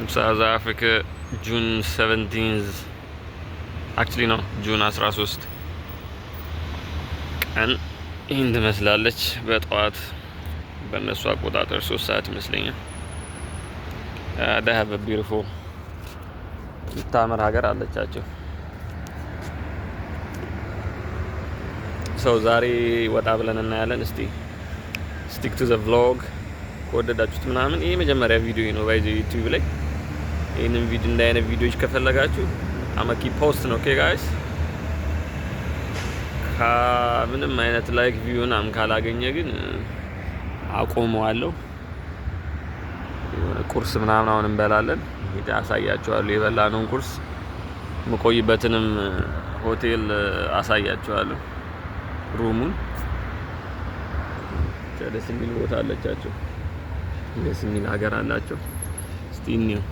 in South Africa June 17th actually no June 13 ቀን ይህን ትመስላለች። በጠዋት በእነሱ አቆጣጠር ሶስት ሰዓት ይመስለኛል። ዳሀበ ቢርፎ የምታምር ሀገር አለቻቸው። ሰው ዛሬ ወጣ ብለን እናያለን። እስቲ ስቲክ ቱ ዘ ቭሎግ ከወደዳችሁት ምናምን ይህ መጀመሪያ ቪዲዮ ነው ባይዘ ዩቲዩብ ላይ ይህንን ቪዲዮ እንደ አይነት ቪዲዮዎች ከፈለጋችሁ አመኪ ፖስት ነው። ኦኬ ጋይስ ከምንም አይነት ላይክ ቪዩን አም ካላገኘ ግን አቆመዋለሁ። ቁርስ ምናምን አሁን እንበላለን። ሄዳ አሳያችኋለሁ የበላነውን ቁርስ የምቆይበትንም ሆቴል አሳያችኋለሁ። ሩሙን ደስ የሚል ቦታ አለቻቸው። ደስ የሚል ሀገር አላቸው። እስቲ እንየው።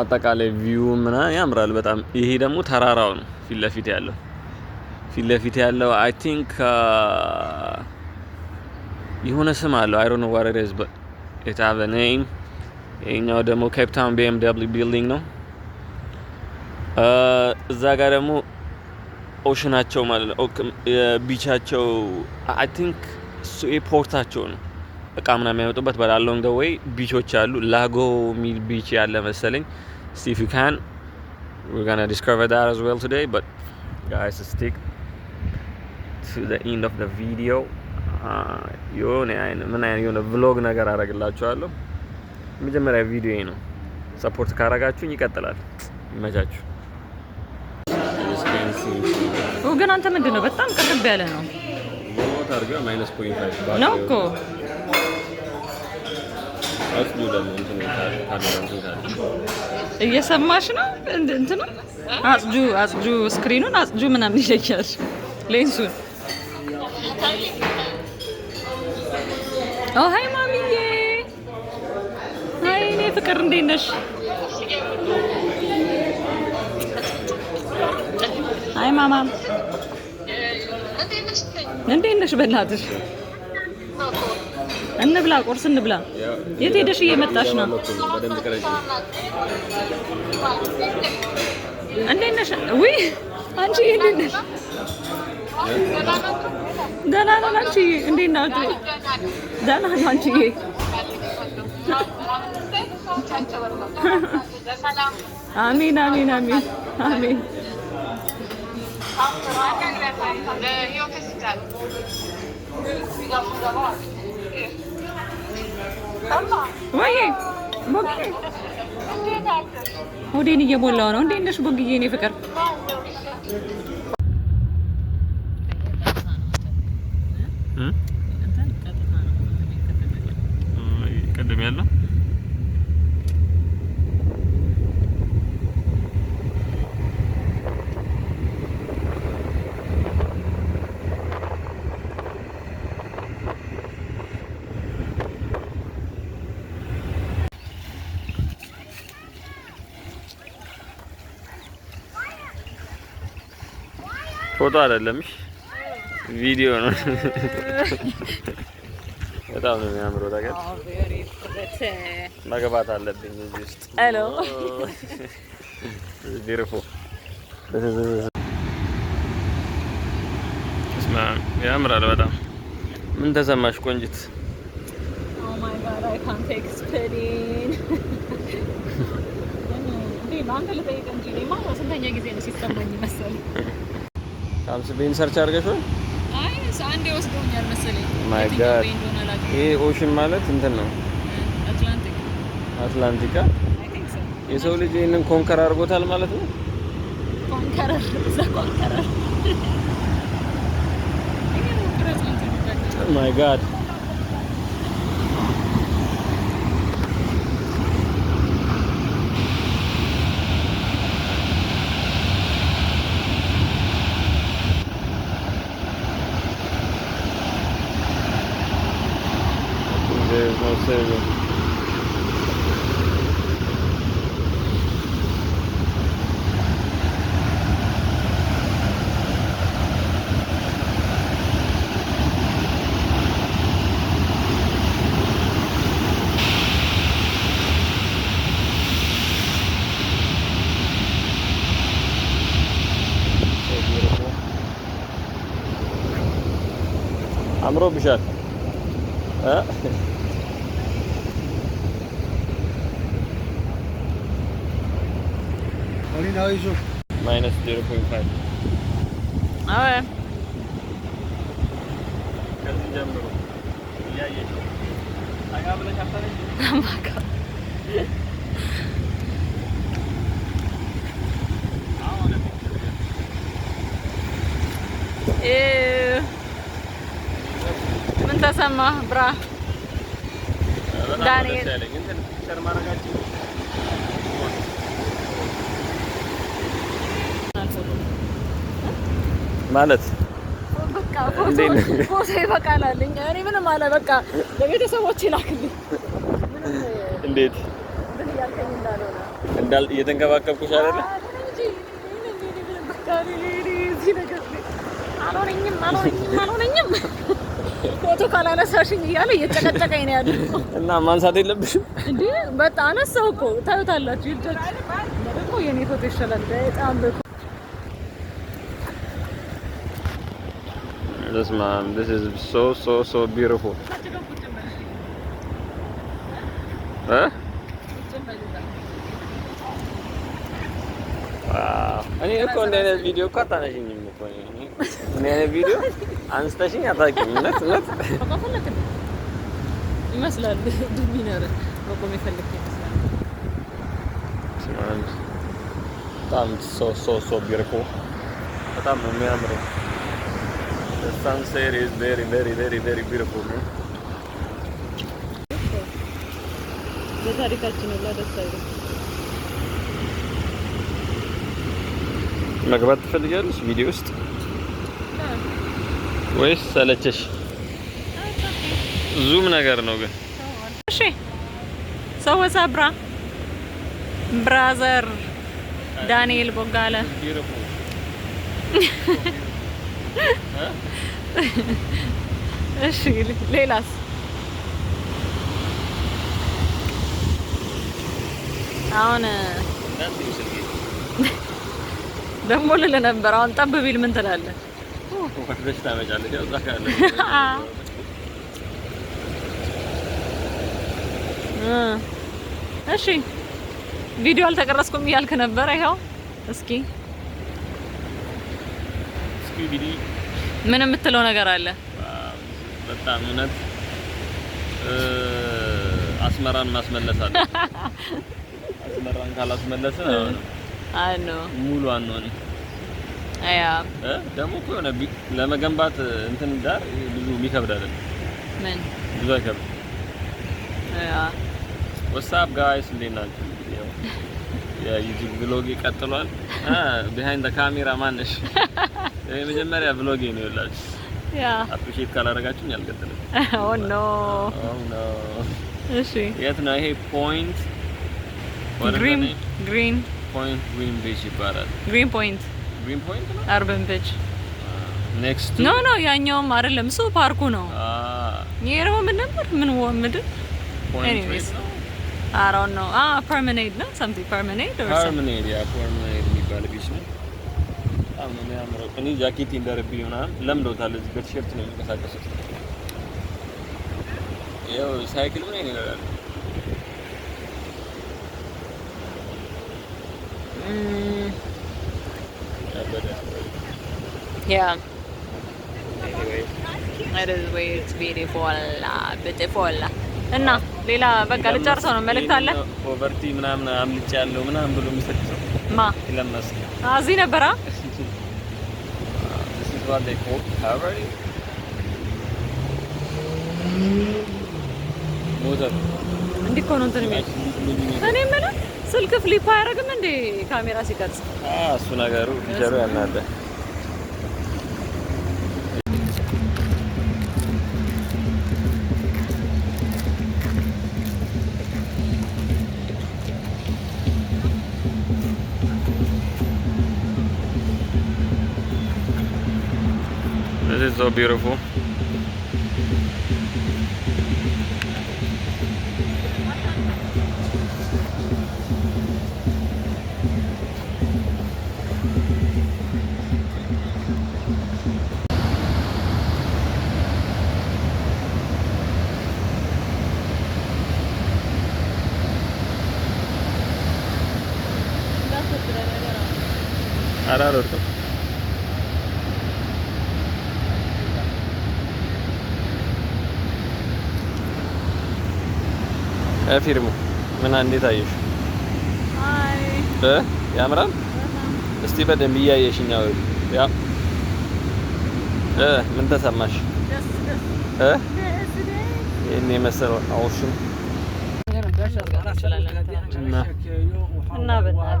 አጠቃላይ ቪው ምናምን ያምራል በጣም። ይሄ ደግሞ ተራራው ነው ፊት ለፊት ያለው ፊት ለፊት ያለው አይ ቲንክ uh, የሆነ ስም አለው አይ ዶንት ኖ ዋት ኢት ኢዝ በት ኢት ሃቭ አ ኔም። ይሄኛው ደግሞ ኬፕ ታውን ቢኤም ቢልዲንግ ነው። uh, እዛ ጋር ደግሞ ኦሽናቸው ማለት ነው ቢቻቸው አይ ቲንክ እሱ ኤርፖርታቸው ነው። እቃ ምናምን የሚያመጡበት በት ወይ ቢቾች አሉ። ላጎ ሚል ቢች ያለ መሰለኝ። ሲ ኢፍ ዩ ካን we're gonna discover that as well today but guys stick to the end of uh, የሆነ ምን አይነት የሆነ ቭሎግ ነገር አደርግላችኋለሁ። የመጀመሪያ ቪዲዮ ነው። ሰፖርት ካረጋችሁኝ ይቀጥላል። ይመቻችሁ። ግን አንተ ምንድን ነው በጣም ቅርብ ያለ ነው ነው እኮ እየሰማሽ ነው። እንትን አጽጁ አጽጁ ስክሪኑን አጽጁ ምናምን ይለያል ሌንሱን። ኦ ሃይ ማሚዬ፣ ሃይ እኔ ፍቅር፣ እንዴት ነሽ? ሃይ ማማ፣ እንዴት ነሽ? በእናትሽ እንብላ፣ ቁርስ እንብላ። የት ሄደሽ እየመጣሽ ነው? እንዴት ነሽ? ውይ አንቺ እንዴት ነሽ? ደህና ነን። አንቺ እንዴት ናችሁ? ደህና ነው። አንቺ አሜን፣ አሜን፣ አሜን፣ አሜን። ወይ ቦግዬ ሆዴን እየሞላው ነው። እንዴት ነሽ ቦግዬ? እኔ ፍቅር ፎቶ አይደለም፣ ቪዲዮ ነው። በጣም ነው የሚያምረው። ታገት መግባት አለብኝ እዚህ ውስጥ። ሄሎ ቢርፎ ያምራል በጣም። ምን ተሰማሽ ቆንጅት? Oh አንተ ልጠይቅ እንጂ እኔማ ስንተኛ ጊዜ ነው ሲሰማኝ መሰለኝ ቤን ሰርች አድርገሽ ወይ? አይ አንዴ ወስዶኛል መሰለኝ። ማይ ጋድ ይሄ ኦሽን ማለት እንትን ነው አትላንቲክ፣ አትላንቲካ። የሰው ልጅ ይሄንን ኮንከር አድርጎታል ማለት ነው። ኮንከር እዛ ኮንከር ማይ ጋድ Marcelo. عمرو بشات ها in huis op minus 0.5. Ah ouais. ምን ተሰማህ ብራ? ዳንኤል ማለት ፎቶ ይበቃላል። እኔ ምንም አለ በቃ ለቤተሰቦች ላክልኝ። እንዴት እንዳል እየተንከባከብኩሽ አይደለ? አልሆነኝም ፎቶ ካላነሳሽኝ እያለ እየጨቀጨቀኝ ነው ያለው። እና ማንሳት የለብሽም እንዴ? በጣም አነሳው እኮ ታዩታላችሁ። ይደግ ደግሞ የኔ ፎቶ ይሻላል በጣም በስማም ዲስ ኢዝ ሶ ሶ ሶ ቢዩቲፉል እ እኔ እኮ እንደ አይነት ቪዲዮ እኮ አታነሽኝም እኮ እንደ አይነት ቪዲዮ አንስተሽኝ አታውቂም። እውነት እውነት ይመስላል መቆም የፈለክ ይመስላል። በጣም ሶ ሶ ሶ ቢዩቲፉል በጣም የሚያምረው The sunset is very, very, very, very beautiful. በታሪካችን መግባት ትፈልጊያለሽ ቪዲዮ ውስጥ ወይስ ሰለቸሽ? ዙም ነገር ነው ግን። እሺ ሰው ወሳብራ ብራዘር ዳንኤል ቦጋለ እሺ ሌላስ? አሁን ደግሞ ልልህ ነበር። አሁን ጠብ ቢል ምን ትላለህ? እሺ ቪዲዮ አልተቀረጽኩም እያልክ ነበር። ይኸው እስኪ እንግዲህ ምን የምትለው ነገር አለ? በጣም እውነት አስመራን ማስመለስ አለ። አስመራን ካላስመለሰ አይ ሙሉ አንሆን አያ ደግሞ እኮ የሆነ ለመገንባት እንትን ዳር ብዙ የሚከብድ አይደለም። ምን ብዙ አይከብድ። አያ ወሳብ ጋይስ እንዴት ናችሁ? የዩቲዩብ ብሎጌ ቀጥሏል። ቢሃይንድ ካሜራ ማነሽ የመጀመሪያ ብሎጌ ነው ያላችሁ። ያ አፕሪሼት ካላደረጋችሁኝ አልቀጥልም። ኦ ኖ ኦ ኖ። እሺ የት ነው ይሄ? ፖይንት ግሪን ግሪን ፖይንት ግሪን ቤጅ ይባላል። ግሪን ፖይንት ግሪን ፖይንት ነው አርበን ቤጅ ኔክስት ኖ ኖ ያኛውም አይደለም፣ እሱ ፓርኩ ነው። ይሄ ah. ደግሞ ምን ነበር? ምን ወምድ ፖይንት ነው አራውን ah, ነው አ ፐርማኔድ ነው ሳምቲንግ ፐርማኔድ ኦር ፐርማኔድ ያ ፐርማኔድ የሚባል ቢች ነው። በጣም ነው የሚያምረው። እኔ ጃኬት እንደረብ ይሆናል ለምዶታል። እዚህ በቲሸርት ነው የሚንቀሳቀሱት። ያው ሳይክል ምን አይነት ይላል እና ሌላ በቃ ልጨርሰው ነው። መልእክት አለ ፖቨርቲ ምናምን አምልጭ ያለው ምናምን ብሎ የሚሰጥ ሰው ማ ይለምስ እዚህ ነበራ እንዲህ እኮ ነው እንትን እኔ የምልህ ስልክ ፍሊፕ አያደርግም እንዴ ካሜራ ሲቀርጽ እሱ ነገሩ ፊቸሩ is so beautiful. Araruca. ፊርሙ ምን እንዴት አየሽ? አይ ያምራል። እስቲ በደንብ እያየሽኝ ያ እ ምን ተሰማሽ? እ ይሄን የመሰለው አውሽም እና በጣም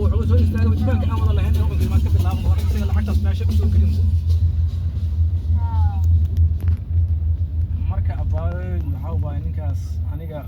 oo wuxuu soo istaagay wajbaanka aan wada lahayn ee uunkiimaan ka bilaabo hore intaga lacagtaas meesha usoo gelin marka abaaday maxaa waay ninkaas aniga